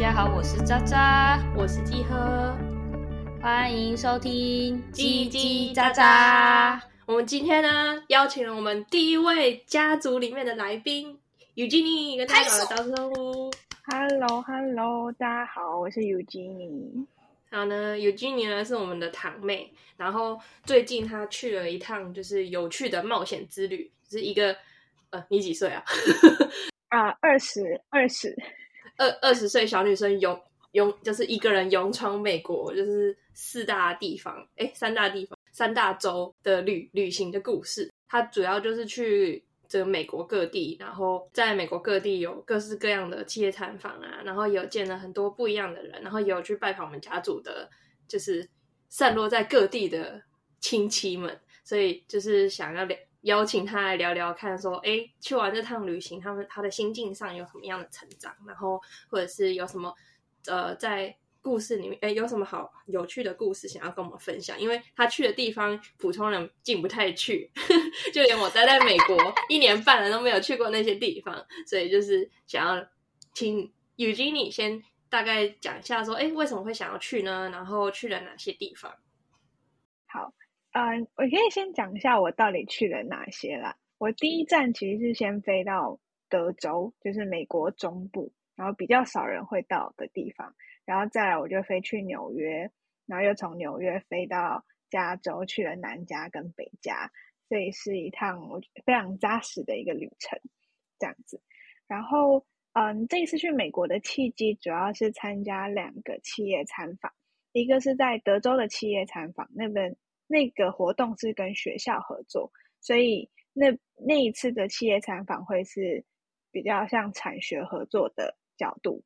大家好，我是渣渣，我是季喝，歡迎收聽《嘰嘰喳喳》渣渣渣。我們今天呢，邀請了我們第一位家族裡面的來賓尤金妮，e、ie，跟大家打個招呼。Hello，Hello，hello，大家好，我是尤、e、金妮。然後呢，尤金妮呢是我們的堂妹，然後最近她去了一趟，就是有趣的冒險之旅。是一個呃，你幾歲啊？啊，二十二十。二二十歲小女生勇勇，就是一個人勇闖美國，就是四大地方，誒、欸，三大地方，三大洲的旅旅行的故事。她主要就是去這個美國各地，然後在美國各地有各式各樣的企業參訪啊，然後也有見了很多不一樣的人，然後也有去拜訪我們家族的，就是散落在各地的親戚們，所以就是想要聊。邀請他來聊聊，看說，哎、欸，去完這趟旅行，他們他的心境上有什麼樣的成長，然後或者是有什麼，呃，在故事裡面，哎、欸，有什麼好有趣的故事想要跟我們分享？因為他去的地方，普通人進不太去， 就連我待在，在美國一年半了都沒有去過那些地方，所以就是想要請 Eugenie 你先大概講一下，說，哎、欸，為什麼會想要去呢？然後去了哪些地方？呃、嗯，我可以先講一下我到底去了哪些啦。我第一站其實是先飛到德州，就是美國中部，然後比較少人會到的地方。然後再來我就飛去紐約，然後又從紐約飛到加州，去了南加跟北加。這也是一趟我非常扎實的一個旅程，這樣子。然後，嗯，這一次去美國的契機主要是參加兩個企業參訪，一個是在德州的企業參訪那邊。那個活動是跟學校合作，所以那那一次的企業參訪會是比較像產學合作的角度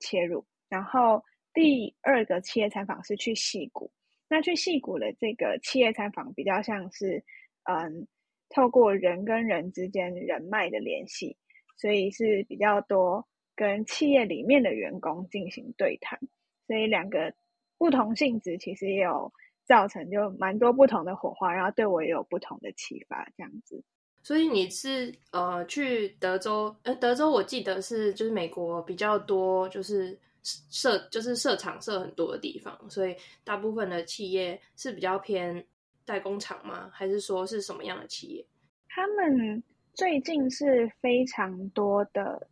切入。然後第二個企業參訪是去矽谷，那去矽谷的這個企業參訪比較像是嗯，透過人跟人之間人脈的聯繫，所以是比較多跟企業裡面的員工進行對談。所以兩個不同性質，其實也有。造成就蠻多不同的火花，然後對我也有不同的啟發，這樣子。所以你是呃去德州，德州我記得是就是美國比較多，就是設就是設廠設很多的地方，所以大部分的企業是比較偏代工廠嗎？還是說是什麼樣的企業？他們最近是非常多的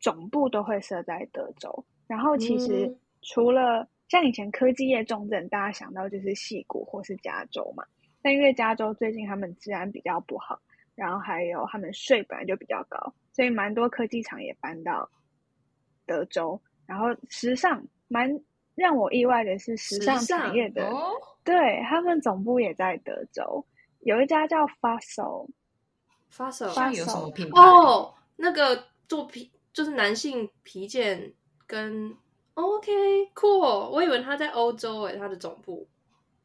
總部都會設在德州，然後其實除了、嗯。像以前科技業重鎮，大家想到就是矽谷或是加州嘛。但因為加州最近他們治安比較不好，然後還有他們稅本來就比較高，所以蠻多科技廠也搬到德州。然後時尚蠻讓我意外的是，時尚產業的、哦、對他們總部也在德州，有一家叫 Fossil，Fossil Fossil 有什麼品牌哦，oh, 那個做皮就是男性皮件跟。OK，cool。Okay, cool. 我以為他在歐洲誒、欸，他的總部。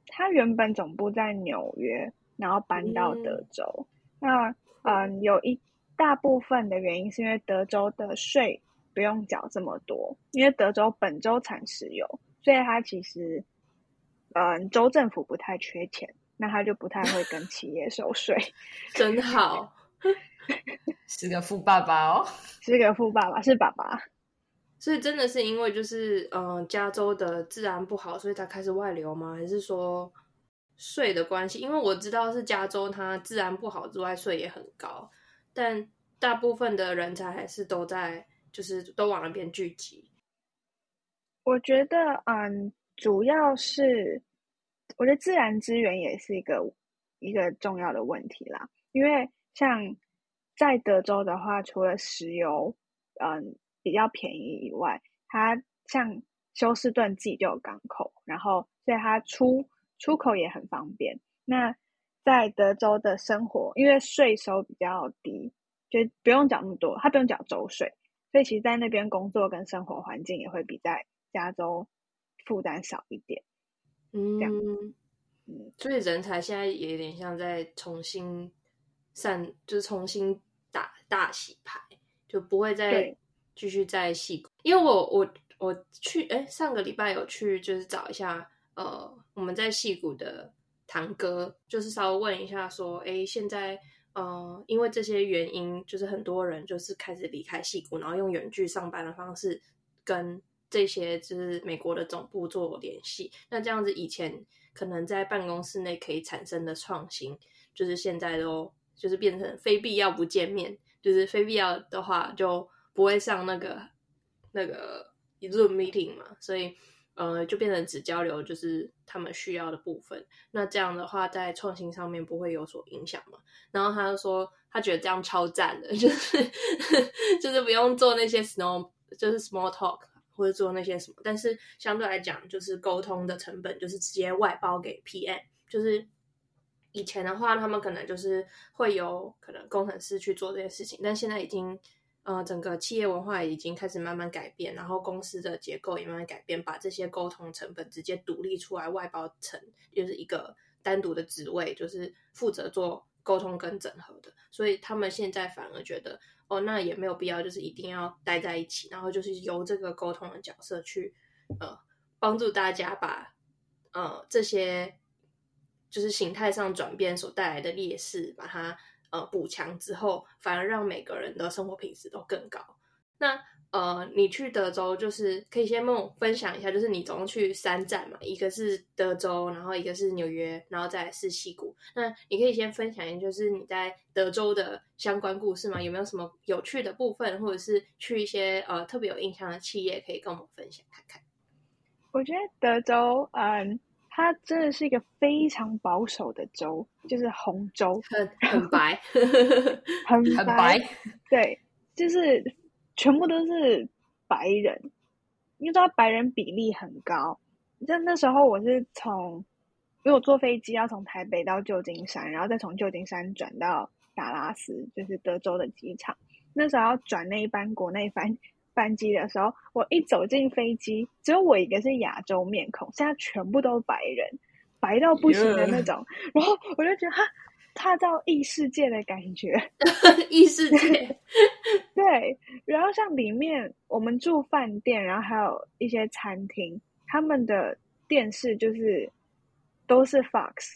他原本總部在紐約，然後搬到德州。Mm. 那，嗯，有一大部分的原因是因為德州的稅不用繳這麼多，因為德州本州產石油，所以他其實，嗯，州政府不太缺錢，那他就不太會跟企業收稅。 真好， 是個富爸爸哦，是個富爸爸，是爸爸。所以真的是因為就是嗯，加州的治安不好，所以才開始外流嗎？還是說稅的關係？因為我知道是加州，它治安不好之外，稅也很高，但大部分的人才還是都在，就是都往那邊聚集。我覺得，嗯，主要是我覺得自然資源也是一個一個重要的問題啦。因為像在德州的話，除了石油，嗯。比較便宜以外，它像休斯頓自己就有港口，然後所以它出、嗯、出口也很方便。那在德州的生活，因為稅收比較低，就不用繳那麼多，它不用繳州稅，所以其實在那邊工作跟生活環境也會比在加州負擔少一點。嗯嗯，這樣，嗯，所以人才現在也有點像在重新散，就是重新打大洗牌，就不會再。繼續在矽谷，因為我我我去，哎，上個禮拜有去，就是找一下，呃，我們在矽谷的堂哥，就是稍微問一下，說，哎，現在，呃，因為這些原因，就是很多人就是開始離開矽谷，然後用遠距上班的方式跟這些就是美國的總部做聯繫。那這樣子，以前可能在辦公室內可以產生的創新，就是現在都就是變成非必要不見面，就是非必要的話就。不會上那個那個一路 meeting 嘛，所以呃就變成只交流就是他們需要的部分。那這樣的話，在創新上面不會有所影響嘛？然後他就說他覺得這樣超讚的，就是就是不用做那些 small，就是 small talk 或者做那些什麼。但是相對來講，就是溝通的成本就是直接外包給 PM。就是以前的話，他們可能就是會有可能工程師去做這些事情，但現在已經。呃，整個企業文化已經開始慢慢改變，然後公司的結構也慢慢改變，把這些溝通成本直接獨立出來，外包成就是一個單獨的職位，就是負責做溝通跟整合的。所以他們現在反而覺得，哦，那也沒有必要，就是一定要待在一起，然後就是由這個溝通的角色去，呃，幫助大家把呃這些就是形態上轉變所帶來的劣勢把它。呃，補強之後反而讓每個人的生活品質都更高。那呃，你去德州就是可以先跟我分享一下，就是你總共去三站嘛，一個是德州，然後一個是紐約，然後再來是矽谷。那你可以先分享一下，就是你在德州的相關故事嘛？有沒有什麼有趣的部分，或者是去一些呃特別有印象的企業，可以跟我們分享看看。我覺得德州嗯。Um 它真的是一個非常保守的州，就是紅州，很很白， 很白，很白，對，就是全部都是白人，你知道白人比例很高。就那時候我是從，因為我坐飛機要從台北到舊金山，然後再從舊金山轉到達拉斯，就是德州的機場。那時候要轉那一班國內班。班機的時候，我一走進飛機，只有我一個是亞洲面孔，現在全部都白人，白到不行的那種。Yeah. 然後我就覺得，他踏到異世界的感覺， 異世界。 對，然後像裡面我們住飯店，然後還有一些餐廳，他們的電視就是都是 Fox，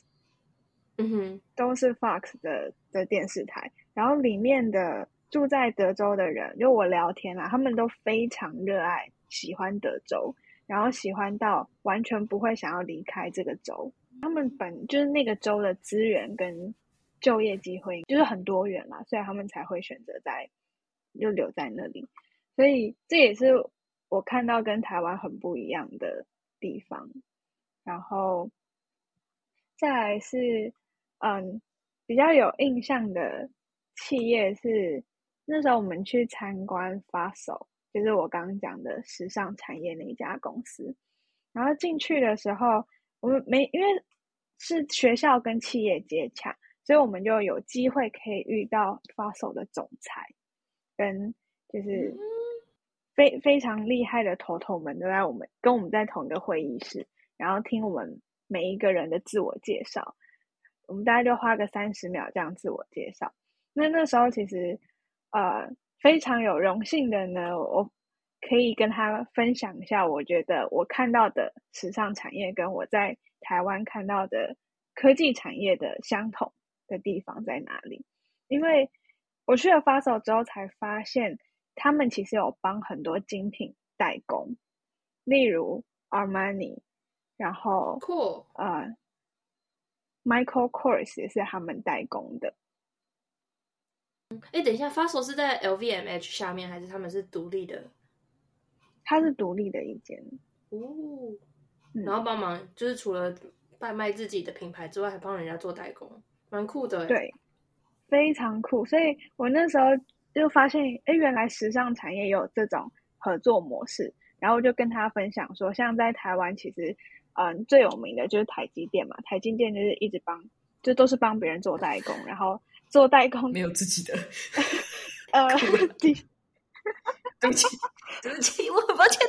嗯哼，都是 Fox、mm hmm. 都是 Fox 的的電視台。然後裡面的。住在德州的人，就我聊天啦，他們都非常熱愛、喜歡德州，然後喜歡到完全不會想要離開這個州。他們本就是那個州的資源跟就業機會就是很多元嘛，所以他們才會選擇在就留在那裡。所以這也是我看到跟台灣很不一樣的地方。然後再來是，嗯，比較有印象的企業是。那時候我們去參觀 Fossil，就是我剛剛講的時尚產業那家公司。然後進去的時候，我們沒因為是學校跟企業接洽，所以我們就有機會可以遇到 Fossil 的總裁，跟，就是非非常厲害的頭頭們都在我們跟我們在同一個會議室，然後聽我們每一個人的自我介紹。我們大概就花個三十秒這樣自我介紹。那那時候其實。呃，非常有榮幸的呢，我可以跟他分享一下，我覺得我看到的時尚產業跟我在台灣看到的科技產業的相同的地方在哪裡。因為我去了 Fossil 之後，才發現他們其實有幫很多精品代工，例如 Armani，然後 Cool 呃，Michael Kors 也是他們代工的。哎，等一下，發 a 是在 LVMH 下面還是他們是獨立的？它是獨立的一間哦，嗯、然後幫忙就是除了販賣自己的品牌之外，還幫人家做代工，蠻酷的。對，非常酷。所以我那時候就發現，哎，原來時尚產業也有這種合作模式。然後我就跟他分享說，像在台灣，其實嗯、呃，最有名的就是台積電嘛，台積電就是一直幫，就都是幫別人做代工，然後。做代工沒有自己的，呃、 uh, 起， 對不起，對不起，我抱歉，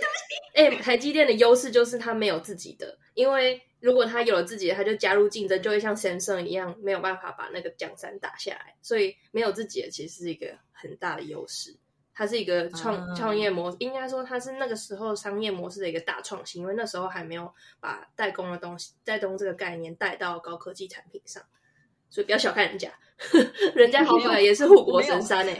對不起。哎，台積電的優勢就是它沒有自己的，因為如果它有了自己的，它就加入競爭，就會像三星一樣沒有辦法把那個江山打下來。所以沒有自己的其實是一個很大的優勢，它是一個創、uh. 創業模式，應該說它是那個時候商業模式的一個大創新，因為那時候還沒有把代工的東西、代工這個概念帶到高科技產品上。所以不要小看人家， 人家好歹也是護國神山、欸、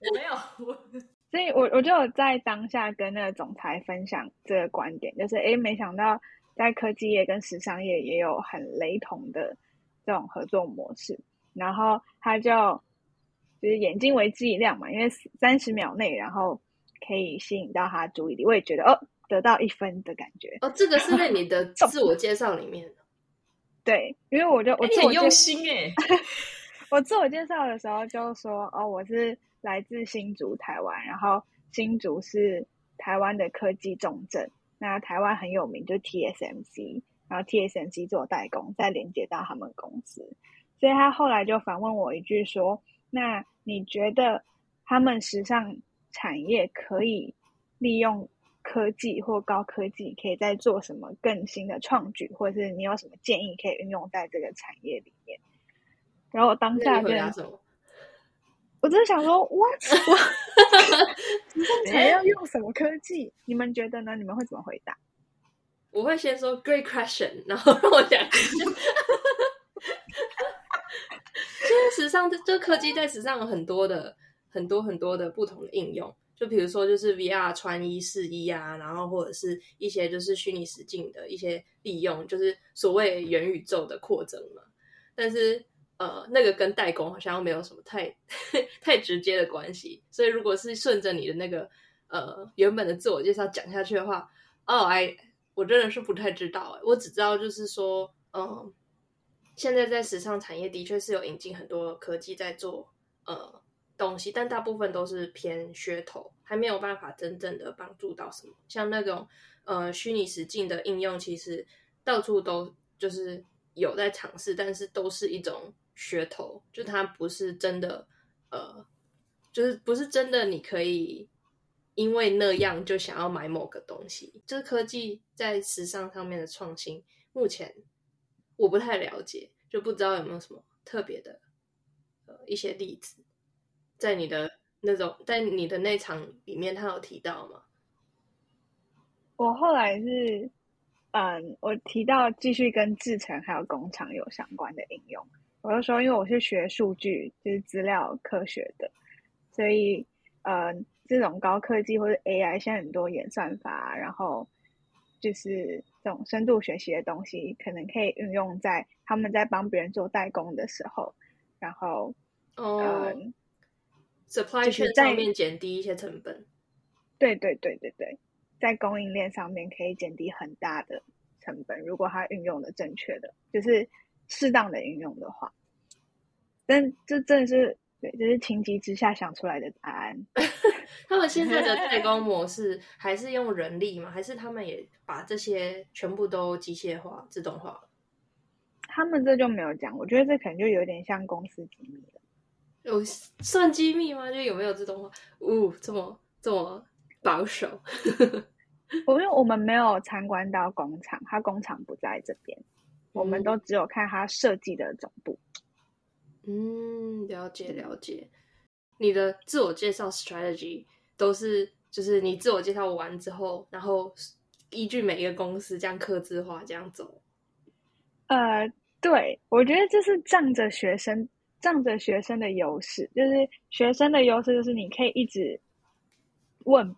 沒沒我沒有， 所以我我就有在當下跟那個總裁分享這個觀點，就是哎，沒想到在科技業跟時尚業也有很雷同的這種合作模式。然後他就就是眼睛為之一亮嘛，因為三十秒內，然後可以吸引到他注意力。我也覺得哦，得到一分的感覺。哦，這個是在你的自我介紹裡面。 對，因為我就我自己用心欸，我自我介紹的時候就說，哦，我是來自新竹台灣，然後新竹是台灣的科技重鎮，那台灣很有名就是 TSMC，然後 TSMC 做代工，再連接到他們公司，所以他後來就反問我一句說，那你覺得他們時尚產業可以利用？科技或高科技可以再做什麼更新的創舉，或者是你有什麼建議可以運用在這個產業裡面？然後我當下，我真的想說，What？時 才要用什麼科技？你們覺得呢？你們會怎麼回答？我會先說 Great question，然後跟我講。其 實時尚的這科技在時尚有很多的、很多很多的不同的應用。就比如說，就是 VR 穿衣試衣啊，然後或者是一些就是虛擬實境的一些利用，就是所謂元宇宙的擴增嘛。但是，呃，那個跟代工好像又沒有什麼太呵呵太直接的關係。所以，如果是順着你的那個呃原本的自我介紹講下去的話，哦，我我真的是不太知道、欸、我只知道就是說，嗯、呃，現在在時尚產業的確是有引進很多科技在做，呃。東西，但大部分都是偏噱頭，還沒有辦法真正的幫助到什麼。像那種呃虛擬實境的應用，其實到處都就是有在嘗試，但是都是一種噱頭，就它不是真的，呃，就是不是真的，你可以因為那樣就想要買某個東西。就是科技在時尚上面的創新，目前我不太了解，就不知道有沒有什麼特別的呃一些例子。在你的那種，在你的那場裡面，他有提到嗎？我後來是，嗯，我提到繼續跟製程、還有工廠有相關的應用。我就說，因為我是學數據，就是資料科學的，所以，嗯，這種高科技或是 AI，現在很多演算法，啊，然後就是這種深度學習的東西，可能可以運用在他們在幫別人做代工的時候，然後，oh. 嗯。supply chain 在裡面減低一些成本，對對對對對，在供應鏈上面可以減低很大的成本，如果它運用的正確的，就是適當的運用的話，但這正是對，就是情急之下想出來的答案。 他們現在的代工模式還是用人力嗎？還是他們也把這些全部都機械化、自動化？他們這就沒有講，我覺得這可能就有點像公司機密了。有算機密嗎？就有沒有自動化？嗚、哦，這麼這麼保守。我們我們沒有參觀到工廠，他工廠不在這邊，嗯、我們都只有看他設計的總部。嗯，了解了解。你的自我介紹 strategy 都是就是你自我介紹完之後，然後依據每一個公司這樣客製化這樣走。呃，對，我覺得就是仗着學生，仗着學生的優勢，就是學生的優勢就是你可以一直問，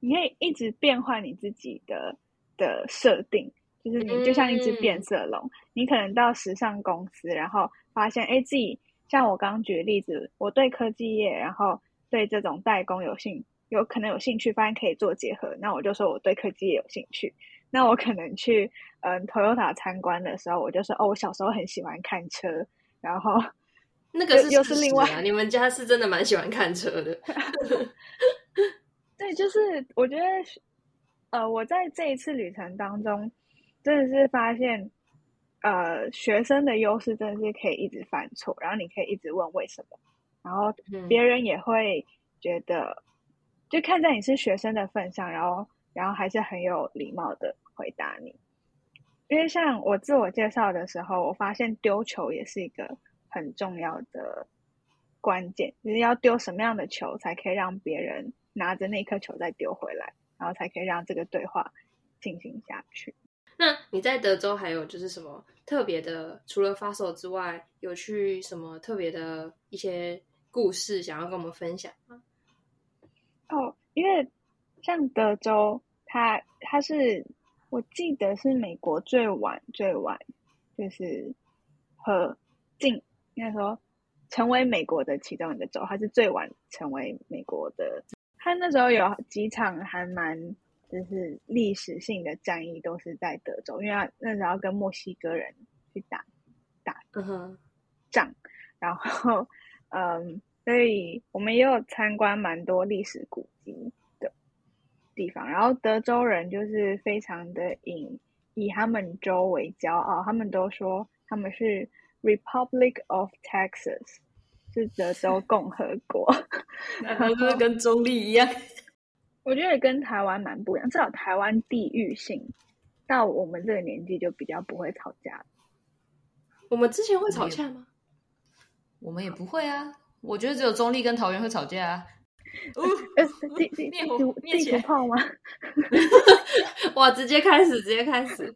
你可以一直變換你自己的的設定，就是你就像一隻變色龍，嗯、你可能到時尚公司，然後發現哎，自己像我剛舉例子，我對科技業，然後對這種代工有興，有可能有興趣，發現可以做結合，那我就說我對科技業有興趣，那我可能去嗯 Toyota 參觀的時候，我就說哦，我小時候很喜歡看車，然後。那個是又、啊、是另外，你們家是真的蠻喜歡看車的。 對，就是我覺得，呃，我在這一次旅程當中，真的是發現，呃，學生的優勢真的是可以一直犯錯，然後你可以一直問為什麼，然後別人也會覺得，嗯、就看在你是學生的份上，然後，然後還是很有禮貌的回答你。因為像我自我介紹的時候，我發現丟球也是一個。很重要的關鍵，就是要丟什麼樣的球，才可以讓別人拿着那顆球再丟回來，然後才可以讓這個對話進行下去。那你在德州還有就是什麼特別的？除了發手之外，有去什麼特別的一些故事想要跟我們分享嗎？哦，因為像德州，它它是我記得是美國最晚最晚，就是和進。應該說，成為美國的其中一個州，他是最晚成為美國的。他那時候有幾場還蠻就是歷史性的戰役，都是在德州，因為他那時候跟墨西哥人去打打仗。Uh huh. 然後，嗯，所以我們也有參觀蠻多歷史古蹟的地方。然後，德州人就是非常的以以他們州為驕傲，他們都說他們是。Republic of Texas，是德州共和國，是跟中壢一樣？我覺得跟台灣蠻不一樣。至少台灣地域性到我們這個年紀就比較不會吵架。我們之前會吵架嗎？我們也不會啊。我覺得只有中壢跟桃園會吵架啊。我地地地地圖炮嗎？哇！直接開始，直接開始。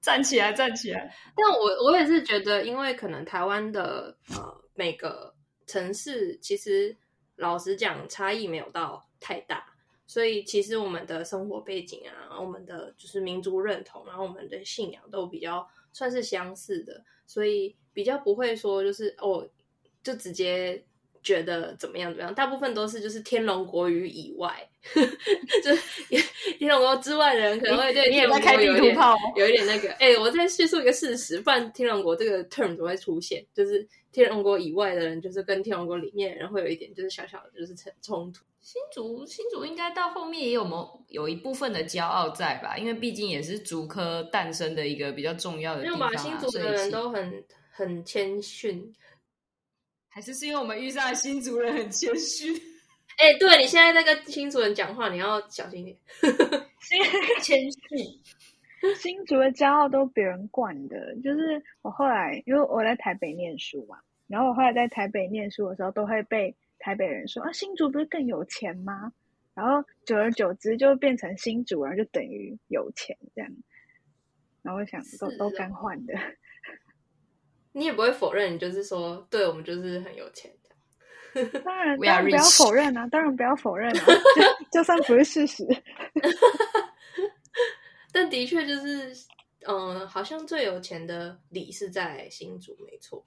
站起來，站起來！ 但我我也是覺得，因為可能台灣的呃每個城市，其實老實講差異沒有到太大，所以其實我們的生活背景啊，我們的就是民族認同，然後我們的信仰都比較算是相似的，所以比較不會說就是哦，就直接。覺得怎麼樣？怎麼樣？大部分都是就是天龍國語以外， 就是、天龍國之外的人可能會對天龍國有點有一點那個。哎、欸，我再敘述一個事實，不然天龍國這個 term 都會出現，就是天龍國以外的人，就是跟天龍國裡面，然後會有一點就是小小的，就是衝突。新竹新竹應該到後面也有某有，有一部分的驕傲在吧？因為畢竟也是竹科誕生的一個比較重要的地方，啊。因為馬新竹的人都很很謙遜。還是是因為我們遇上了新族人很謙虛，哎、欸，對，你現在在跟新竹人講話，你要小心點，因為謙虛， 新竹的驕傲都別人慣的。就是我後來，因為我在台北念書嘛，然後我後來在台北念書的時候，都會被台北人說啊，新竹不是更有錢嗎？然後久而久之就變成新竹，然後就等於有錢這樣。然後我想都都更換的。你也不會否認，你就是說，對我們就是很有錢 當,然當然不要否認啊，當然不要否認啊， 就,就算不是事實， 但的確就是，嗯，好像最有錢的裡是在新竹，沒錯。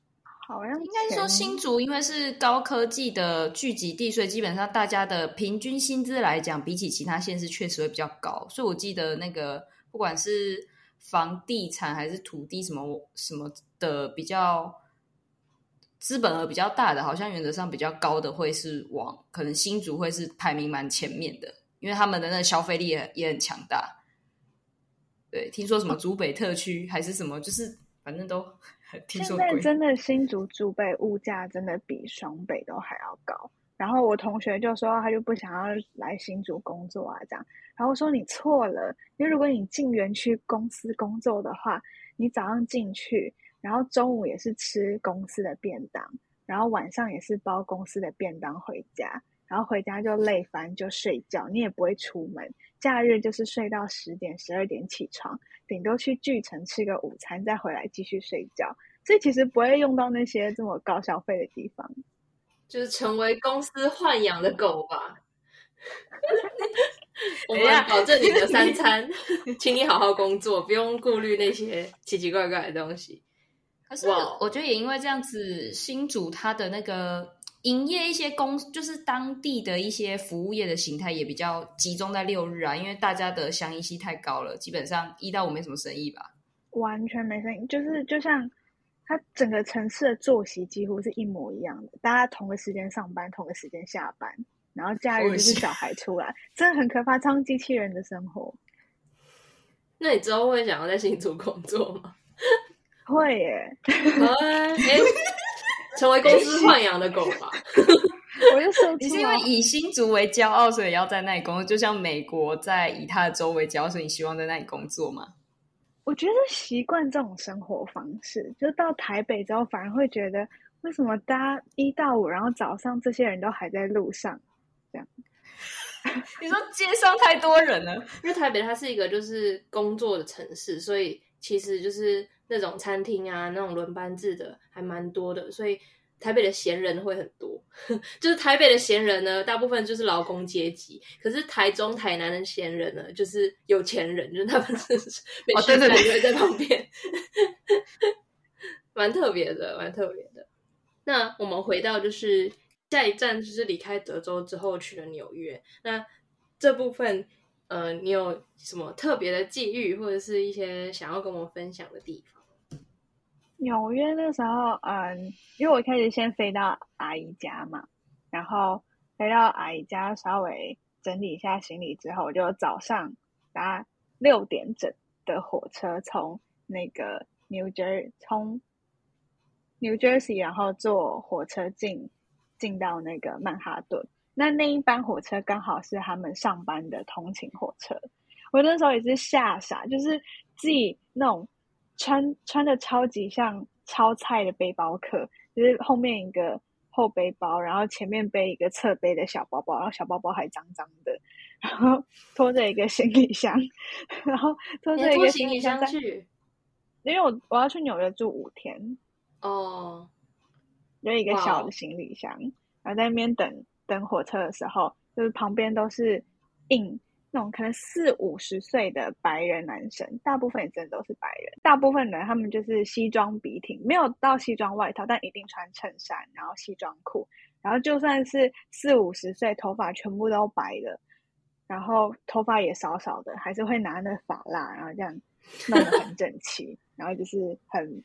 好像應該說新竹，因為是高科技的聚集地，所以基本上大家的平均薪資來講，比起其他縣市確實會比較高。所以我記得那個，不管是房地產還是土地什，什麼什麼。的比較資本額比較大的，好像原則上比較高的會是往可能新竹會是排名蠻前面的，因為他們的那消費力也很強大。對，聽說什麼竹北特區、哦、還是什麼，就是反正都聽說。現在真的新竹竹北物價真的比雙北都還要高。然後我同學就說他就不想要來新竹工作啊，這樣。然後說你錯了，因為如果你進園區公司工作的話，你早上進去。然後中午也是吃公司的便當，然後晚上也是包公司的便當回家，然後回家就累翻就睡覺，你也不會出門。假日就是睡到十點十二點起床，頂多去巨城吃個午餐，再回來繼續睡覺。所以其實不會用到那些這麼高消費的地方，就是成為公司豢養的狗吧。我們要保證你的三餐， 請你好好工作， 不用顧慮那些奇奇怪怪的東西。可是我覺得也因為這樣子，Wow. 新竹它的那個營業一些公司，就是當地的一些服務業的形態也比較集中在六日啊，因為大家的相依系太高了，基本上一到五沒什麼生意吧。完全沒生意，就是就像它整個城市的作息幾乎是一模一樣的，大家同個時間上班，同個時間下班，然後假日就是小孩出來， 真的很可怕，當機器人的生活。那你之後會想要在新竹工作嗎？ 會耶、 欸，成為公司豢養的狗嘛？ 我又說錯。你是因為以新竹為驕傲，所以要在那裡工作？就像美國在以它的州為驕傲，所以你希望在那裡工作嗎？我覺得習慣這種生活方式，就到台北之後，反而會覺得為什麼大家一到五，然後早上這些人都還在路上？這樣 你說街上太多人了。因為台北它是一個就是工作的城市，所以其實就是。那種餐廳啊，那種輪班制的還蠻多的，所以台北的閒人會很多。 就是台北的閒人呢，大部分就是勞工階級。可是台中、台南的閒人呢，就是有錢人，就是他們哦，事在紐約在旁邊，蠻 特別的，蠻特別的。那我們回到就是下一站，就是離開德州之後去了紐約。那這部分，呃，你有什麼特別的際遇，或者是一些想要跟我們分享的地方？紐約那時候，嗯，因為我一開始先飛到阿姨家嘛，然後飛到阿姨家稍微整理一下行李之後，我就早上搭六點整的火車從那個 New Jersey，從 New Jersey，然後坐火車進進到那個曼哈頓。那那一班火車剛好是他們上班的通勤火車，我那時候也是嚇傻，就是自己那種。穿穿的超級像超菜的背包客，就是後面一個後背包，然後前面背一個側背的小包包，然後小包包還髒髒的，然後拖着一個行李箱，然後拖着一個行李箱去，箱因為我我要去紐約住五天哦，有一個小的行李箱，哦、然後在那邊等等火車的時候，就是旁邊都是硬。那種可能四五十歲的白人男生，大部分也真的都是白人。大部分人他們就是西裝筆挺，沒有到西裝外套，但一定穿襯衫，然後西裝褲。然後就算是四五十歲，頭髮全部都白的，然後頭髮也少少的，還是會拿那髮蠟，然後這樣弄得很整齊。 然後就是很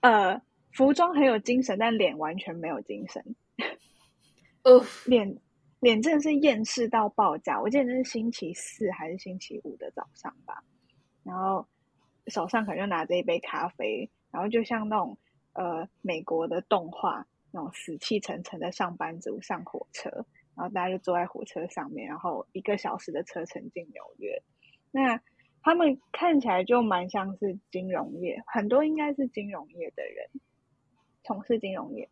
呃，服裝很有精神，但臉完全沒有精神。 呃，臉。臉真的是厭世到爆炸，我記得那是星期四還是星期五的早上吧，然後手上可能就拿着一杯咖啡，然後就像那種呃，美國的動畫那種死氣沉沉的上班族上火車，然後大家就坐在火車上面，然後一個小時的車程進紐約，那他們看起來就蠻像是金融業，很多應該是金融業的人從事金融業，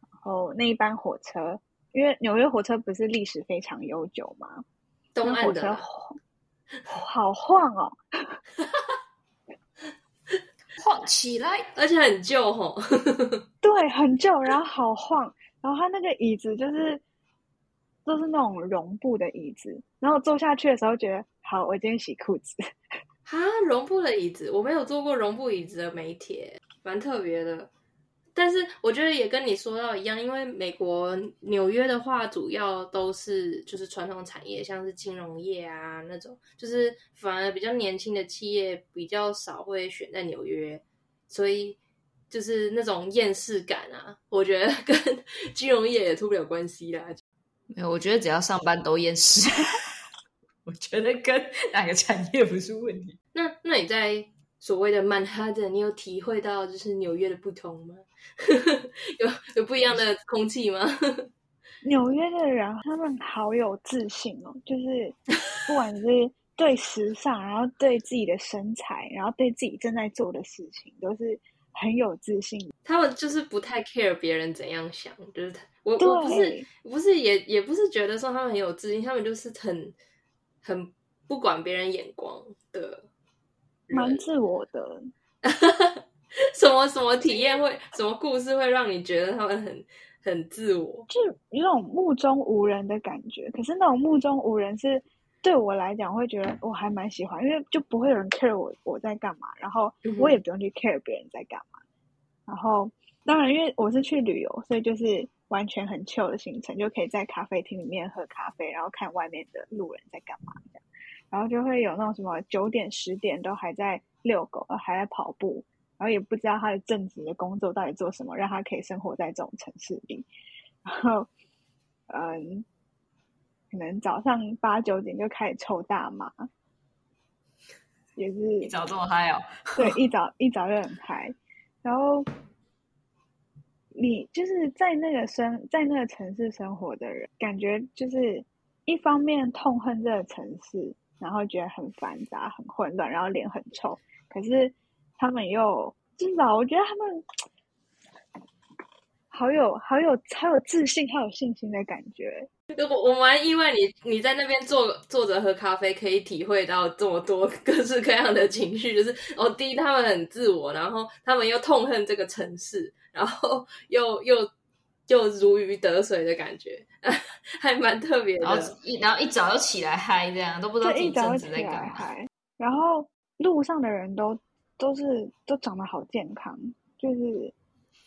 然後那一班火車。因為紐約火車不是歷史非常悠久嗎？東岸的，火車好，好晃哦、喔， 晃起來，而且很舊哦。 對，很舊，然後好晃，然後它那個椅子就是都、就是那種絨布的椅子，然後坐下去的時候覺得，好，我今天洗褲子。啊， 絨布的椅子，我沒有坐過絨布椅子的美鐵，蠻特別的。但是我覺得也跟你說到一樣，因為美國紐約的話，主要都是就是傳統產業，像是金融業啊那種，就是反而比較年輕的企業比較少會選在紐約，所以就是那種厭世感啊，我覺得跟金融業也脫不了關係啦。沒有，我覺得只要上班都厭世， 我覺得跟哪個產業不是問題。那那你在所謂的曼哈頓，你有體會到就是紐約的不同嗎？ 有有不一樣的空氣嗎？紐約的人他們好有自信哦，就是不管是對時尚，然後對自己的身材，然後對自己正在做的事情，都是很有自信。他們就是不太 care 別人怎樣想，就是他我對我不是不是也也不是覺得說他們很有自信，他們就是很很不管別人眼光的，蠻自我的。 什麼什麼體驗會什麼故事會讓你覺得他們很很自我？就有種目中無人的感覺。可是那種目中無人是對我來講會覺得我還蠻喜歡，因為就不會有人 care 我我在幹嘛，然後我也不用去 care 別人在幹嘛。然後當然，因為我是去旅遊，所以就是完全很 chill 的行程，就可以在咖啡廳裡面喝咖啡，然後看外面的路人在幹嘛這樣，然後就會有那種什麼九點十點都還在遛狗，還在跑步。然後也不知道他的正職的工作到底做什麼，讓他可以生活在這種城市裡。然後，嗯，可能早上八九點就開始臭大麻，也是一早這麼嗨哦。對，一早一早就很嗨。 然後，你就是在那個城在那個城市生活的人，感覺就是一方面痛恨這個城市，然後覺得很繁雜、很混亂，然後臉很臭，可是。他們又真的，我覺得他們好有好有好有自信，好有信心的感覺。我我蠻意外，你你在那邊坐坐着喝咖啡，可以體會到這麼多各式各樣的情緒，就是哦，第一他們很自我，然後他們又痛恨這個城市，然後又又就如魚得水的感覺， 還蠻特別的。然後一然後一早就起來嗨，這樣都不知道自己真的在幹嘛，這一早起來嗨，然後路上的人都。都是都長得好健康，就是，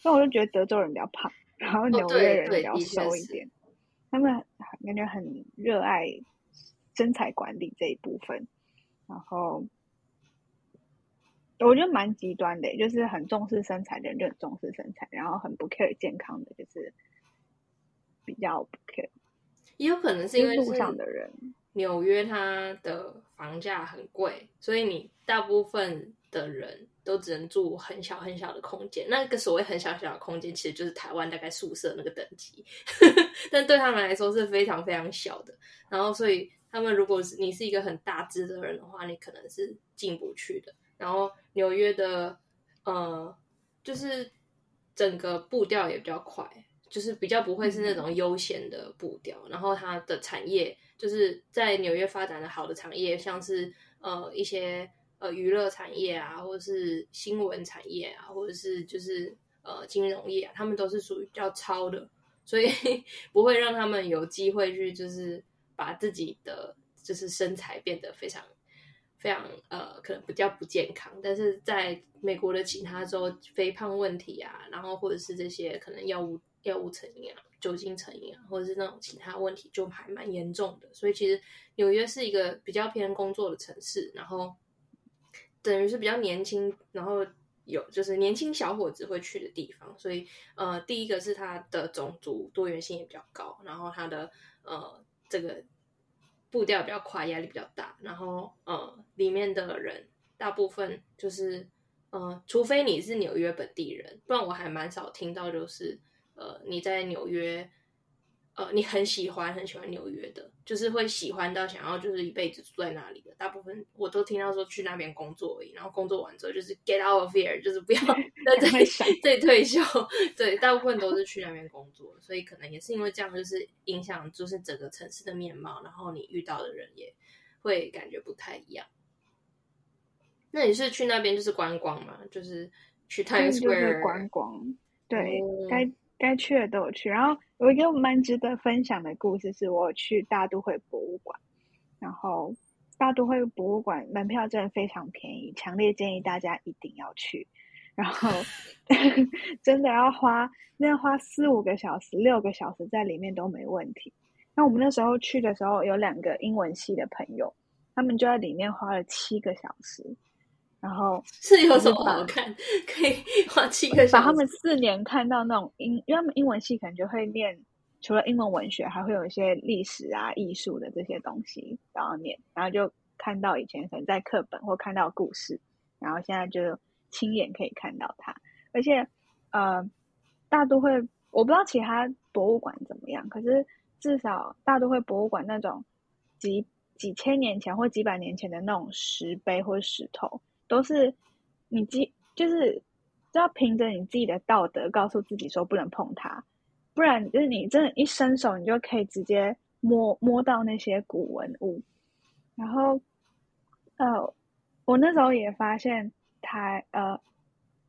那我就覺得德州人比較胖，然後紐約人比較瘦一點。哦，他們感覺很熱愛身材管理這一部分，然後我覺得蠻極端的，就是很重視身材的人就很重視身材，然後很不 care 健康的，就是比較不 care。也有可能是因為路上的人，紐約它的房價很貴，所以你大部分。的人都只能住很小很小的空間，那個所謂很小小的空間，其實就是台灣大概宿舍那個等級， 但對他們來說是非常非常小的。然後，所以他們如果是你是一個很大隻的人的話，你可能是進不去的。然後，紐約的呃，就是整個步調也比較快，就是比較不會是那種悠閒的步調。嗯。然後，它的產業就是在紐約發展的好的產業，像是呃一些。呃，娛樂產業啊，或者是新聞產業啊，或者是就是呃金融業啊，他們都是屬於比較糙的，所以呵呵不會讓他們有機會去就是把自己的就是身材變得非常非常呃，可能比較不健康。但是在美國的其他州，肥胖問題啊，然後或者是這些可能藥物藥物成癮啊、酒精成癮啊，或者是那種其他問題，就還蠻嚴重的。所以其實紐約是一個比較偏工作的城市，然後。等於是比較年輕，然後有就是年輕小夥子會去的地方，所以呃，第一個是它的種族多元性也比較高，然後它的呃這個步調比較快，壓力比較大，然後呃裡面的人大部分就是嗯、呃，除非你是紐約本地人，不然我還蠻少聽到就是呃你在紐約。呃，你很喜歡很喜歡紐約的，就是會喜歡到想要就是一輩子住在那裡的。大部分我都聽到說去那邊工作而已，然後工作完之後就是 get out of here，就是不要在這裡 這退休。 對，大部分都是去那邊工作，所以可能也是因為這樣，就是影響就是整個城市的面貌，然後你遇到的人也會感覺不太一樣。那你是去那邊就是觀光嗎？就是去 Times Square 觀光？對，嗯、該該去的都去，然後。有一個蠻值得分享的故事，是我去大都會博物館。然後大都會博物館門票真的非常便宜，強烈建議大家一定要去。然後 真的要花，那要花四五個小時、六個小時在裡面都沒問題。那我們那時候去的時候，有兩個英文系的朋友，他們就在裡面花了七個小時。然後是有什麼好看，可以花七個小時把他們四年看到那種英，因為他們英文系可能就會念，除了英文文學，還會有一些歷史啊、藝術的這些東西然後念。然後就看到以前可能在課本或看到故事，然後現在就親眼可以看到它。而且，呃，大都會我不知道其他博物館怎麼樣，可是至少大都會博物館那種幾幾千年前或幾百年前的那種石碑或石頭。都是你，記，就是只要憑着你自己的道德告訴自己說不能碰它，不然就是你真的，一伸手你就可以直接摸摸到那些古文物。然後，呃，我那時候也發現台呃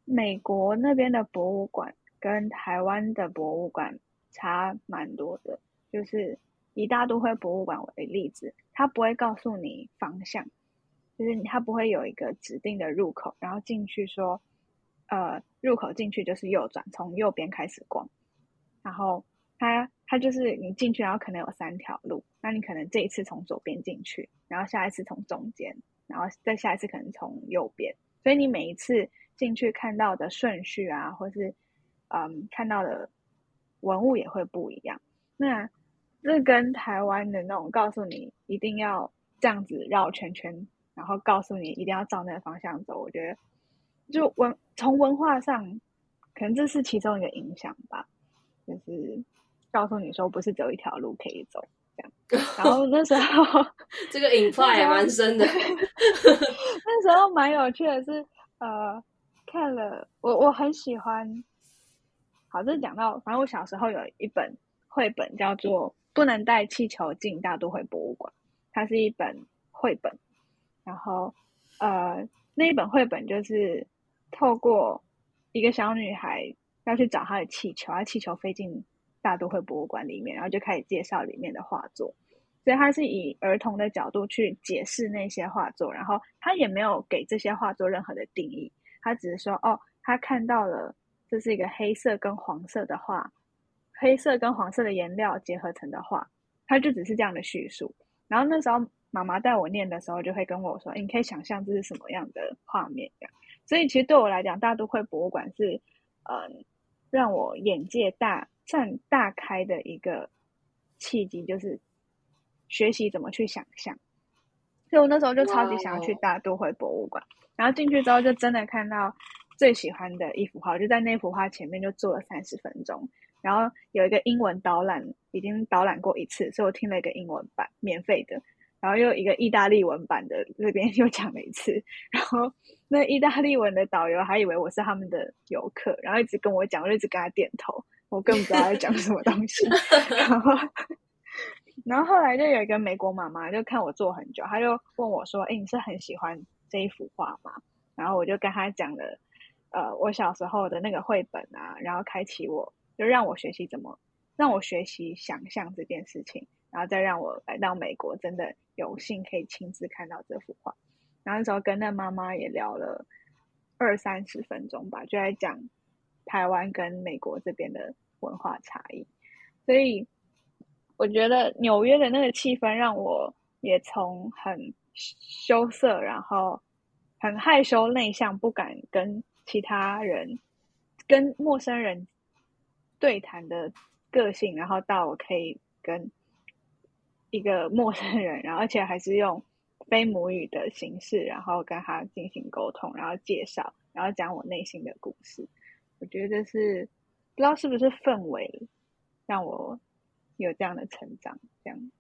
美國那邊的博物館跟台灣的博物館差蠻多的，就是以大都會博物館為例子，它不會告訴你方向。就是你，它不會有一個指定的入口，然後進去說，呃，入口進去就是右轉，從右邊開始逛。然後它它就是你進去，然後可能有三條路，那你可能這一次從左邊進去，然後下一次從中間，然後再下一次可能從右邊。所以你每一次進去看到的順序啊，或是嗯看到的文物也會不一樣。那那跟台灣的那種告訴你一定要這樣子繞圈圈。然後告訴你一定要照那個方向走，我覺得就文從文化上，可能這是其中一個影響吧，就是告訴你說不是只有一條路可以走這樣。 然後那時候這個 influence 也蠻深的。 那時候蠻有趣的是，呃，看了我我很喜歡。好，就講到，反正我小時候有一本繪本叫做《不能帶氣球進大都會博物館》，它是一本繪本。然後，呃，那一本繪本就是透過一個小女孩要去找她的氣球，她氣球飛進大都會博物館裡面，然後就開始介紹裡面的畫作。所以他是以兒童的角度去解釋那些畫作，然後他也沒有給這些畫作任何的定義，他只是說哦，他看到了這是一個黑色跟黃色的畫，黑色跟黃色的顏料結合成的畫，他就只是這樣的敘述。然後那時候，媽媽帶我念的時候，就會跟我說、欸：“你可以想象這是什麼樣的畫面。”這樣，所以其實對我來講，大都會博物館是嗯，讓我眼界大站大開的一個契機，就是學習怎麼去想象。所以我那時候就超級想要去大都會博物館，Wow. 然後進去之後就真的看到最喜歡的一幅畫，就在那幅畫前面就坐了三十分鐘。然後有一個英文導覽，已經導覽過一次，所以我聽了一個英文版，免費的。然後又一個意大利文版的那邊又講了一次，然後那意大利文的導遊還以為我是他們的遊客，然後一直跟我講，我就一直跟他點頭，我更不知道在講什麼東西。 然後，然後後來就有一個美國媽媽就看我坐很久，她就問我說：“欸，你是很喜歡這一幅畫嗎？”然後我就跟她講了，呃，我小時候的那個繪本啊，然後開啟我，就讓我學習怎麼，讓我學習想象這件事情。然後再讓我來到美國，真的有幸可以親自看到這幅畫。然後那時候跟那媽媽也聊了二三十分鐘吧，就在講台灣跟美國這邊的文化差異。所以我覺得紐約的那個氣氛讓我也從很羞澀，然後很害羞內向，不敢跟其他人、跟陌生人對談的個性，然後到我可以跟一個陌生人，然後而且還是用非母語的形式，然後跟他進行溝通，然後介紹，然後講我內心的故事。我覺得是不知道是不是氛圍讓我有這樣的成長，這樣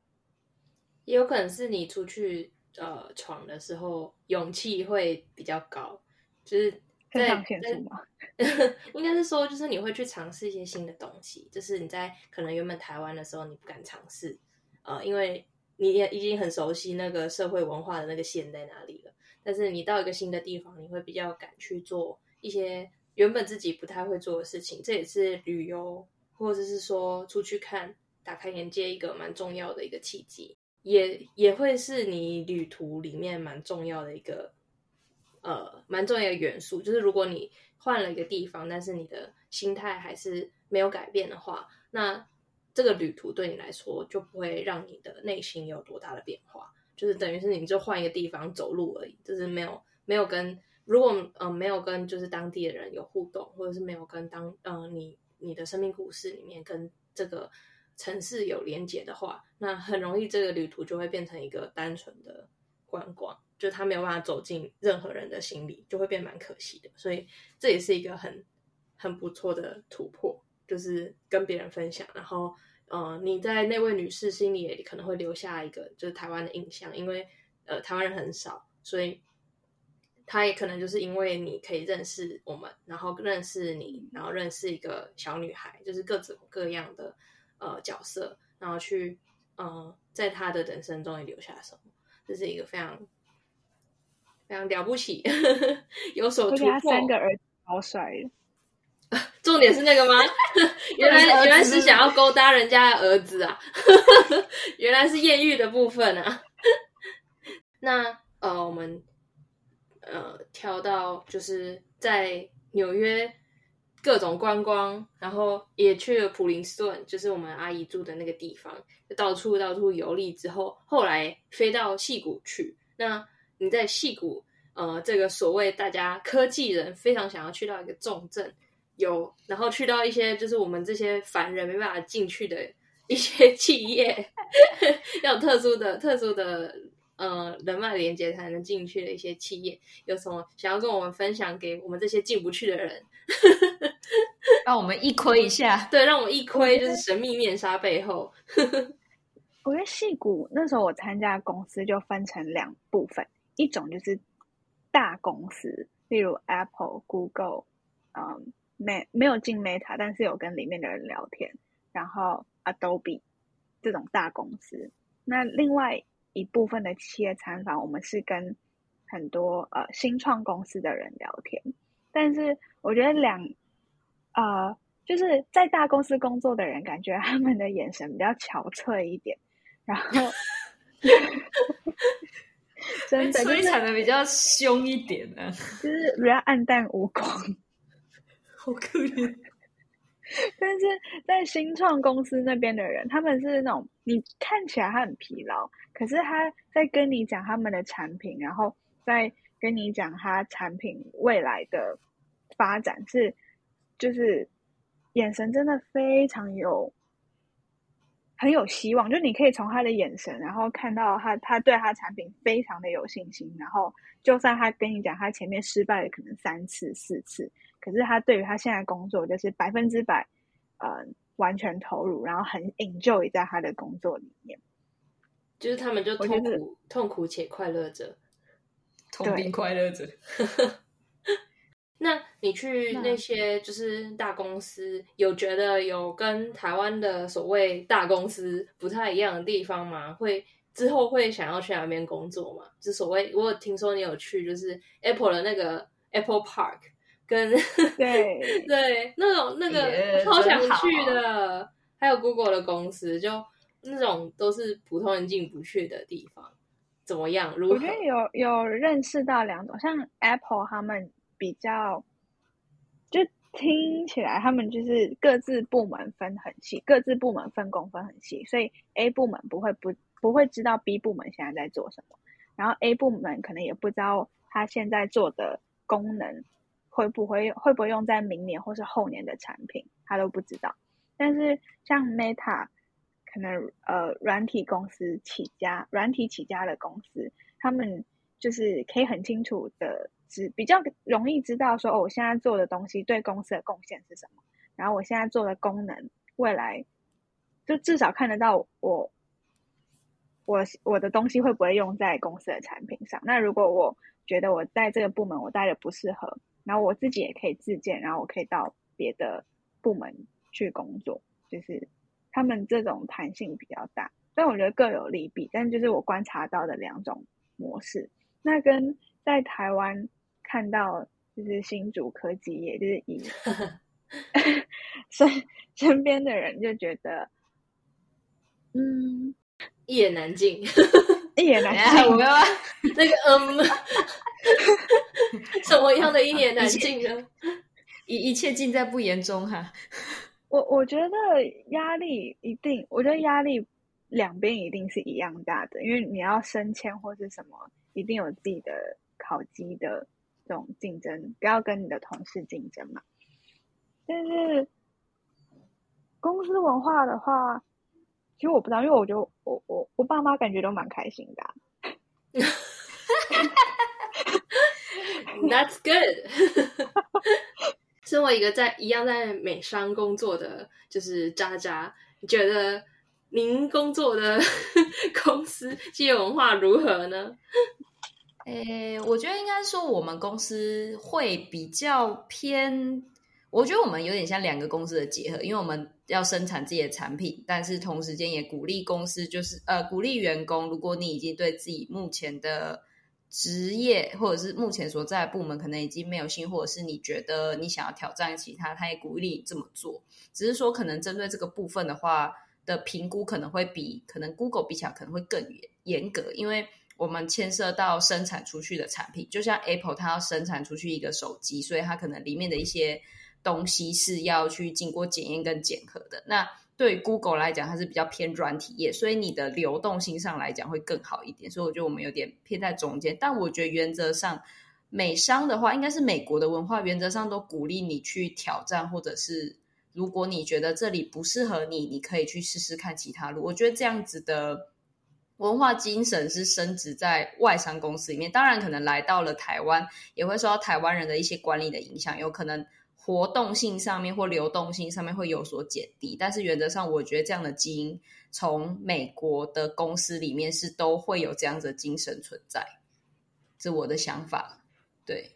也有可能是你出去呃闖的時候，勇氣會比較高，就是在什嗎在？應該是說，就是你會去嘗試一些新的東西，就是你在可能原本台灣的時候，你不敢嘗試。呃，因為你也已經很熟悉那個社會文化的那個線在哪裡了，但是你到一個新的地方，你會比較敢去做一些原本自己不太會做的事情。這也是旅遊或者是說出去看，打開眼界一個蠻重要的一個契機，也也會是你旅途裡面蠻重要的一個呃蠻重要的元素。就是如果你換了一個地方，但是你的心態還是沒有改變的話，那。這個旅途對你來說就不會讓你的內心有多大的變化，就是等於是你就換一個地方走路而已，就是沒有沒有跟，如果呃沒有跟就是當地的人有互動，或者是沒有跟當呃你你的生命故事裡面跟這個城市有連接的話，那很容易這個旅途就會變成一個單純的觀光，就他沒有辦法走進任何人的心裡，就會變蠻可惜的。所以這也是一個很很不錯的突破。就是跟別人分享，然後，呃，你在那位女士心裡也可能會留下一個就是台灣的印象，因為呃台灣人很少，所以她也可能就是因為你可以認識我們，然後認識你，然後認識一個小女孩，就是各種各樣的呃角色，然後去呃，在她的人生中也留下什麼，這是一個非常非常了不起， 有所圖。他三個兒子好帥。重點是那個嗎？ 原來原來是想要勾搭人家的兒子啊！ 原來是豔遇的部分啊 那。那呃，我們呃跳到就是在紐約各種觀光，然後也去了普林斯頓，就是我們阿姨住的那個地方，就到處到處遊歷之後，後來飛到矽谷去。那你在矽谷呃，這個所謂大家科技人非常想要去到一個重鎮。有，然後去到一些就是我們這些凡人沒辦法進去的一些企業， 要有特殊的、特殊的呃人脈連接才能進去的一些企業，有什麼想要跟我們分享給我們這些進不去的人？ 讓我們一窺一下， 對，讓我一窺就是神秘面紗背後。 我覺得矽谷那時候我參加的公司就分成兩部分，一種就是大公司，例如 Apple、Google、um, 沒沒有進 Meta，但是有跟裡面的人聊天。然後 Adobe 這種大公司，那另外一部分的企業參訪，我們是跟很多呃新創公司的人聊天。但是我覺得兩呃，就是在大公司工作的人，感覺他們的眼神比較憔悴一點。然後 真的會踩的，就是，比較兇一點呢、啊，就是比較黯淡無光。酷炫， 但是在新創公司那邊的人，他們是那種你看起來他很疲勞，可是他在跟你講他們的產品，然後在跟你講他產品未來的發展是，就是眼神真的非常有，很有希望。就你可以從他的眼神，然後看到他他對他的產品非常的有信心，然後就算他跟你講他前面失敗了，可能三次四次。可是他對於他現在工作就是百分之百，嗯、呃，完全投入，然後很 enjoy 在他的工作裡面。就是他們就痛苦痛苦且快樂着，痛並快樂着。對 那你去那些就是大公司，那有覺得有跟台灣的所謂大公司不太一樣的地方嗎？會之後會想要去那邊工作嗎？就所謂我有聽說你有去，就是 Apple 的那個 Apple Park。跟對 對，那種那個超想 Yeah, 去的，還有 Google 的公司，嗯、就那種都是普通人進不去的地方，怎麼樣？如果我覺得有有認識到兩種，像 Apple 他們比較，就聽起來他們就是各自部門分很細，各自部門分工分很細，所以 A 部門不會不不會知道 B 部門現在在做什麼，然後 A 部門可能也不知道他現在做的功能。會不會會不會用在明年或是後年的產品，他都不知道。但是像 Meta，可能呃軟體公司起家，軟體起家的公司，他們就是可以很清楚的知，比較容易知道說，哦，我現在做的東西對公司的貢獻是什麼，然後我現在做的功能，未來就至少看得到我我我的東西會不會用在公司的產品上。那如果我覺得我在這個部門我待的不適合。然後我自己也可以自薦，然後我可以到別的部門去工作，就是他們這種彈性比較大。但我覺得各有利弊，但就是我觀察到的兩種模式。那跟在台灣看到就是新竹科技，也就是以身 身邊的人就覺得，嗯，一言難盡。 一言難盡，我們要那個嗯， 什麼樣的一言難盡啊，一一切盡在不言中哈。我我覺得壓力一定，我覺得壓力兩邊一定是一樣大的，因為你要升遷或是什麼，一定有自己的考績的這種競爭，不要跟你的同事競爭嘛。但、就是公司文化的話。其實我不知道，因為我覺得我我我爸媽感覺都蠻開心的啊。 That's good。 身為一個在一樣在美商工作的就是渣渣，你覺得您工作的公司企業文化如何呢？呃，欸，我覺得應該說我們公司會比較偏。我覺得我們有點像兩個公司的結合，因為我們要生產自己的產品，但是同時間也鼓勵公司，就是呃鼓勵員工，如果你已經對自己目前的職業或者是目前所在部門可能已經沒有信心，或者是你覺得你想要挑戰其他，他也鼓勵你這麼做。只是說可能針對這個部分的話的評估可能會比可能 Google 比起來可能會更嚴格，因為我們牽涉到生產出去的產品，就像 Apple 它要生產出去一個手機，所以它可能裡面的一些。東西是要去經過檢驗跟檢核的。那對 Google 來講，它是比較偏軟體業，所以你的流動性上來講會更好一點。所以我覺得我們有點偏在中間，但我覺得原則上美商的話，應該是美國的文化，原則上都鼓勵你去挑戰，或者是如果你覺得這裡不適合你，你可以去試試看其他路。我覺得這樣子的文化精神是升值在外商公司裡面。當然，可能來到了台灣，也會受到台灣人的一些管理的影響，有可能。活動性上面或流動性上面會有所減低，但是原則上，我覺得這樣的基因從美國的公司裡面是都會有這樣子的精神存在，這我的想法。對，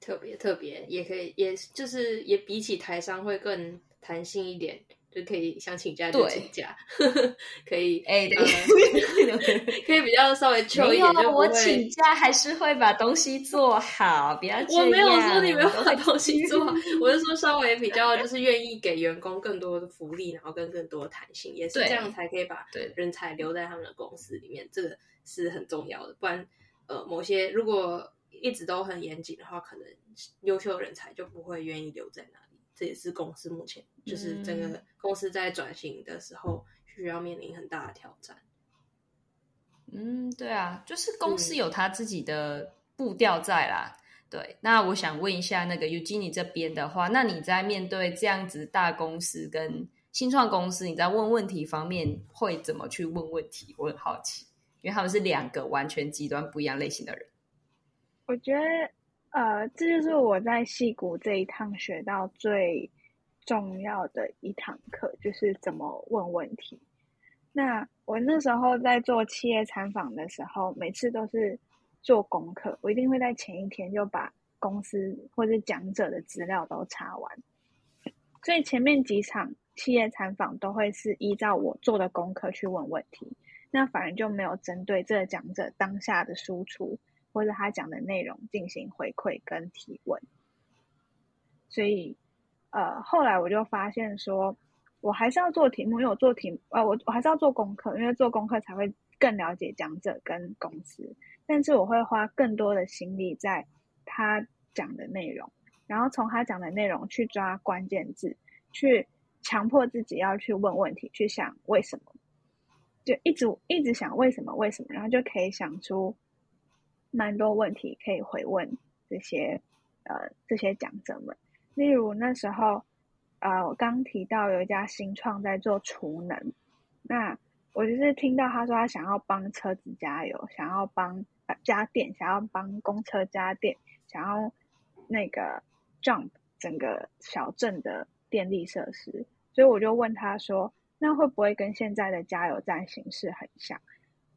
特別特別，也可以，也就是也比起台商會更彈性一點。就可以想請假就請假，對呵呵，可以哎、欸，對， 可以比較稍微挑 有一點。沒我請假還是會把東西做好，比較我沒有說你沒有把東西做，好， 我是說稍微比較就是願意給員工更多的福利，然後跟更，更多的彈性，也是這樣才可以把人才留在他們的公司裡面，這個是很重要的。不然，呃，某些如果一直都很嚴謹的話，可能優秀人才就不會願意留在那裡。這也是公司目前就是這個公司在轉型的時候，需要面臨很大的挑戰。嗯，對啊，就是公司有他自己的步調在啦。是對，那我想問一下，那個 Eugenie 這邊的話，那你在面對這樣子大公司跟新創公司，你在問問題方面會怎麼去問問題？我很好奇，因為他們是兩個完全極端不一樣類型的人。我覺得。呃，這就是我在矽谷這一趟學到最重要的一堂課，就是怎麼問問題。那我那時候在做企業參訪的時候，每次都是做功課，我一定會在前一天就把公司或者講者的資料都查完。所以前面幾場企業參訪都會是依照我做的功課去問問題，那反而就沒有針對這個講者當下的輸出。或者他講的內容進行回饋跟提問，所以呃，後來我就發現說，我還是要做題目，因為我做題目啊、呃，我我還是要做功課，因為做功課才會更了解講者跟公司。但是我會花更多的心力在他講的內容，然後從他講的內容去抓關鍵字，去強迫自己要去問問題，去想為什麼，就一直一直想為什麼為什麼，然後就可以想出。蠻多問題可以回問這些呃這些講者們，例如那時候呃我剛提到有一家新創在做儲能，那我就是聽到他說他想要幫車子加油，想要幫加電，想要幫公車加電，想要那個 jump 整個小鎮的電力設施，所以我就問他說，那會不會跟現在的加油站形式很像？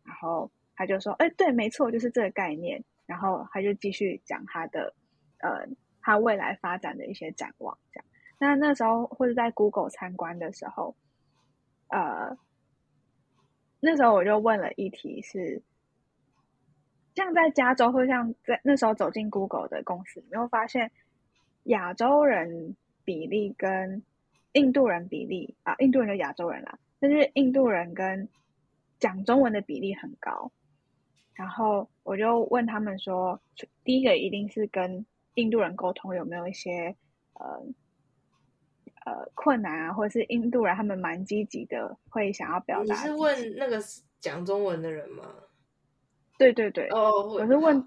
然後。他就說：“哎，對，沒錯，就是這個概念。”然後他就繼續講他的，呃，他未來發展的一些展望。這樣，那那時候或者在 Google 參觀的時候，呃，那時候我就問了一題是，是像在加州，或像在那時候走進 Google 的公司，你沒有發現亞洲人比例跟印度人比例啊？印度人就亞洲人啦，啊，但是印度人跟講中文的比例很高。然後我就問他們說：“第一個一定是跟印度人溝通有沒有一些呃呃困難啊，或者是印度人他們蠻積極的會想要表達？”你是問那個講中文的人嗎？對對對，哦，oh, 我是問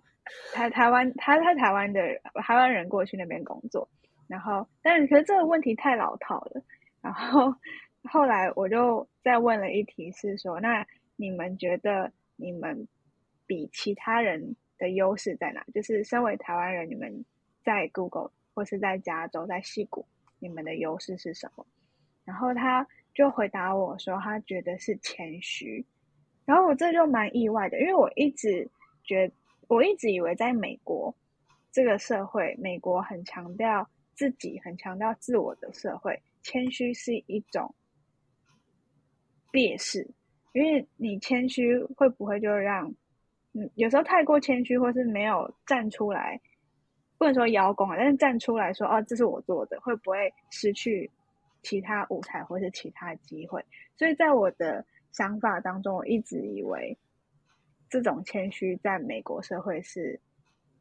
台台灣他他台、台灣的台灣人過去那邊工作，然後但是可是這個問題太老套了。然後後來我就再問了一題是說：“那你們覺得你們？”以其他人的優勢在哪？就是身為台灣人，你們在 Google 或是在加州、在矽谷，你們的優勢是什麼？然後他就回答我說，他覺得是謙虛。然後我這就蠻意外的，因為我一直覺，我一直以為在美國這個社會，美國很強調自己，很強調自我的社會，謙虛是一種劣勢，因為你謙虛會不會就讓？嗯，有時候太過謙虛，或是沒有站出來，不能說邀功啊，但是站出來說，哦，這是我做的，會不會失去其他舞台或是其他機會？所以在我的想法當中，我一直以為這種謙虛在美國社會是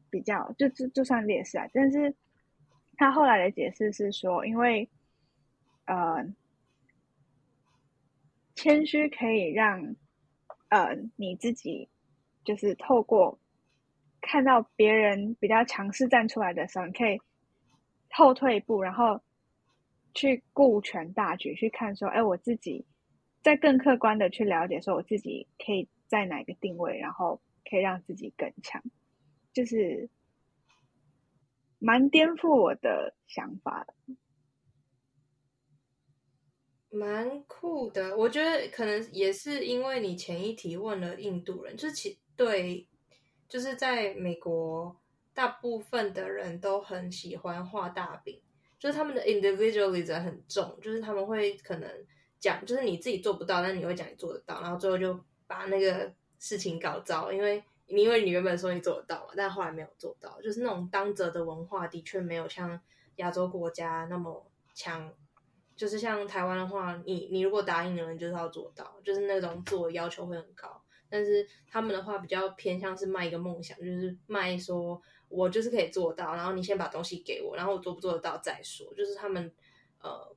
比較就就就算劣勢啊。但是他後來的解釋是說，因為嗯，呃，謙虛可以讓呃你自己。就是透過看到別人比較強勢站出來的時候，你可以後退一步，然後去顧全大局，去看說：“哎、欸，我自己再更客觀的去了解，說我自己可以在哪一個定位，然後可以讓自己更強。”就是蠻顛覆我的想法的，蠻酷的。我覺得可能也是因為你前一題問了印度人，就是、其。對，就是在美國，大部分的人都很喜歡畫大餅，就是他們的 individualism 很重，就是他們會可能講，就是你自己做不到，但你會講你做得到，然後最後就把那個事情搞糟，因為因為你原本說你做得到嘛，但後來沒有做到，就是那種當責的文化的確沒有像亞洲國家那麼強，就是像台灣的話，你你如果答應的人就是要做到，就是那種自我要求會很高。但是他們的話比較偏向是賣一個夢想，就是賣說，我就是可以做到，然後你先把東西給我，然後我做不做得到再說。就是他們，呃，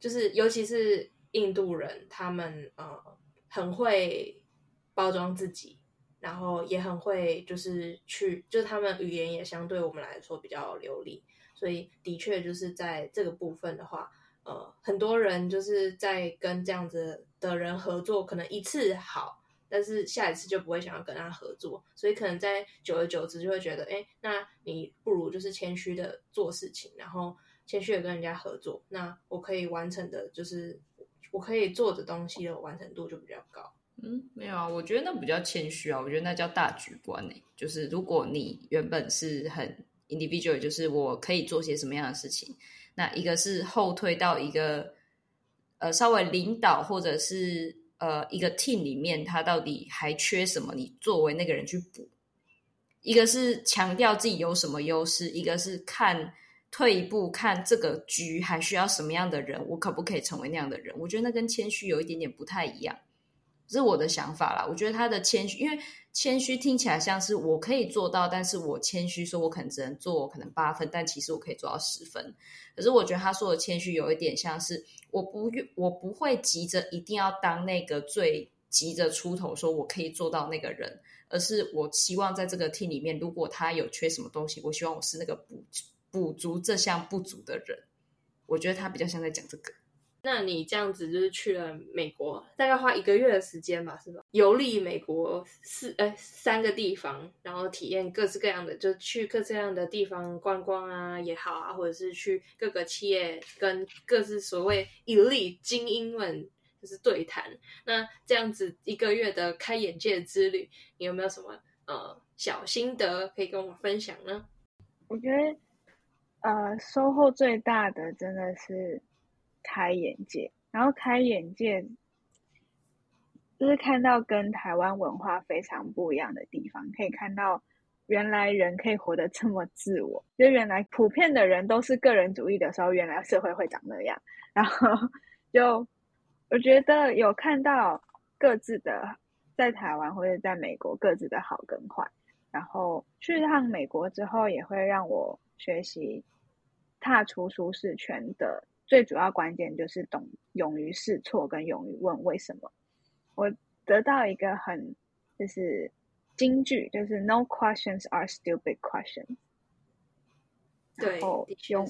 就是尤其是印度人，他們呃很會包裝自己，然後也很會就是去，就是他們語言也相對我們來說比較流利，所以的確就是在這個部分的話，呃，很多人就是在跟這樣子的人合作，可能一次好。但是下一次就不會想要跟他合作，所以可能在久而久之就會覺得，哎、欸，那你不如就是謙虛的做事情，然後謙虛的跟人家合作。那我可以完成的就是我可以做的東西的完成度就比較高。嗯，沒有啊，我覺得那不叫謙虛啊，我覺得那叫大局觀誒、欸。就是如果你原本是很 individual，就是我可以做些什麼樣的事情，那一個是後退到一個呃稍微領導或者是。呃，一個 team 裡面，他到底還缺什麼？你作為那個人去補，一個是強調自己有什麼優勢，一個是看退一步看這個局還需要什麼樣的人，我可不可以成為那樣的人？我覺得那跟謙虛有一點點不太一樣，這是我的想法啦。我覺得他的謙虛，因為。謙虛聽起來像是我可以做到，但是我謙虛說，我可能只能做，我可能八分，但其實我可以做到十分。可是我覺得他說的謙虛有一點像是我不，我不會急着一定要當那個最急着出頭說我可以做到那個人，而是我希望在這個 team 裡面，如果他有缺什麼東西，我希望我是那個補，補足這項不足的人。我覺得他比較像在講這個。那你這樣子就是去了美國，大概花一個月的時間吧，是吧？遊歷美國四，哎，三個地方，然後體驗各式各樣的，就去各式各樣的地方觀光啊也好啊，或者是去各個企業跟各式所謂 Elite 精英們就是對談。那這樣子一個月的開眼界之旅，你有沒有什麼呃小心得可以跟我們分享呢？我覺得呃收穫最大的真的是。開眼界，然後開眼界，就是看到跟台灣文化非常不一樣的地方，可以看到原來人可以活得這麼自我。就原來普遍的人都是個人主義的時候，原來社會會長那樣。然後就我覺得有看到各自的在台灣或者在美國各自的好跟壞。然後去一趟美國之後，也會讓我學習踏出舒適圈的。最主要關鍵就是懂，勇於試錯跟勇於問為什麼。我得到一個很就是金句，就是 “No questions are stupid questions。”對，勇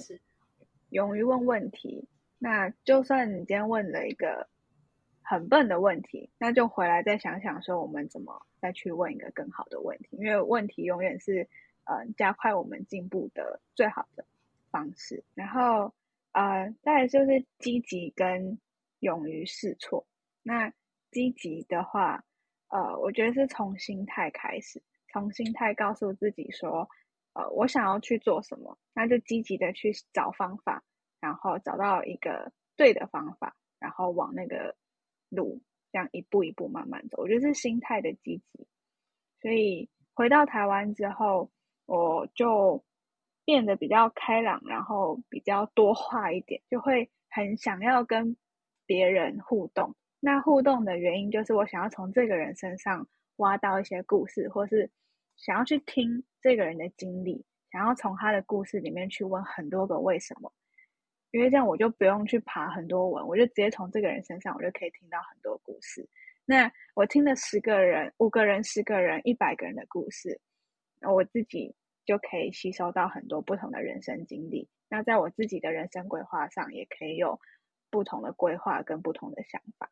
勇於問問題，那就算你今天問了一個很笨的問題，那就回來再想想說我們怎麼再去問一個更好的問題，因為問題永遠是呃加快我們進步的最好的方式。然後。呃，再就是積極跟勇於試錯。那積極的話，呃，我覺得是從心態開始，從心態告訴自己說，呃，我想要去做什麼，那就積極的去找方法，然後找到一個對的方法，然後往那個路，這樣一步一步慢慢走。我覺得是心態的積極。所以回到台灣之後，我就。變得比較開朗，然後比較多話一點，就會很想要跟別人互動。那互動的原因就是我想要從這個人身上挖到一些故事，或是想要去聽這個人的經歷，想要從他的故事裡面去問很多個為什麼。因為這樣我就不用去爬很多文，我就直接從這個人身上，我就可以聽到很多故事。那我聽了十個人、五個人、十個人、一百個人的故事，那我自己。就可以吸收到很多不同的人生經歷。那在我自己的人生規劃上，也可以有不同的規劃跟不同的想法。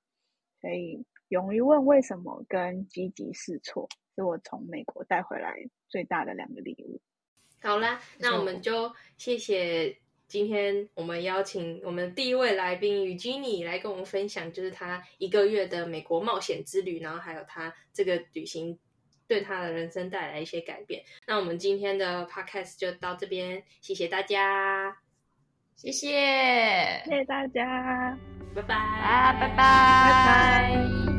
所以，勇於問為什麼跟積極試錯，是我從美國帶回來最大的兩個禮物。好啦，那我們就謝謝今天我們邀請我們第一位來賓 Eugenie 來跟我們分享，就是他一個月的美國冒險之旅，然後還有他這個旅行。對他的人生帶來一些改變。那我們今天的 podcast 就到這邊，謝謝大家，謝謝，謝謝大家，拜拜啊，拜拜，拜拜。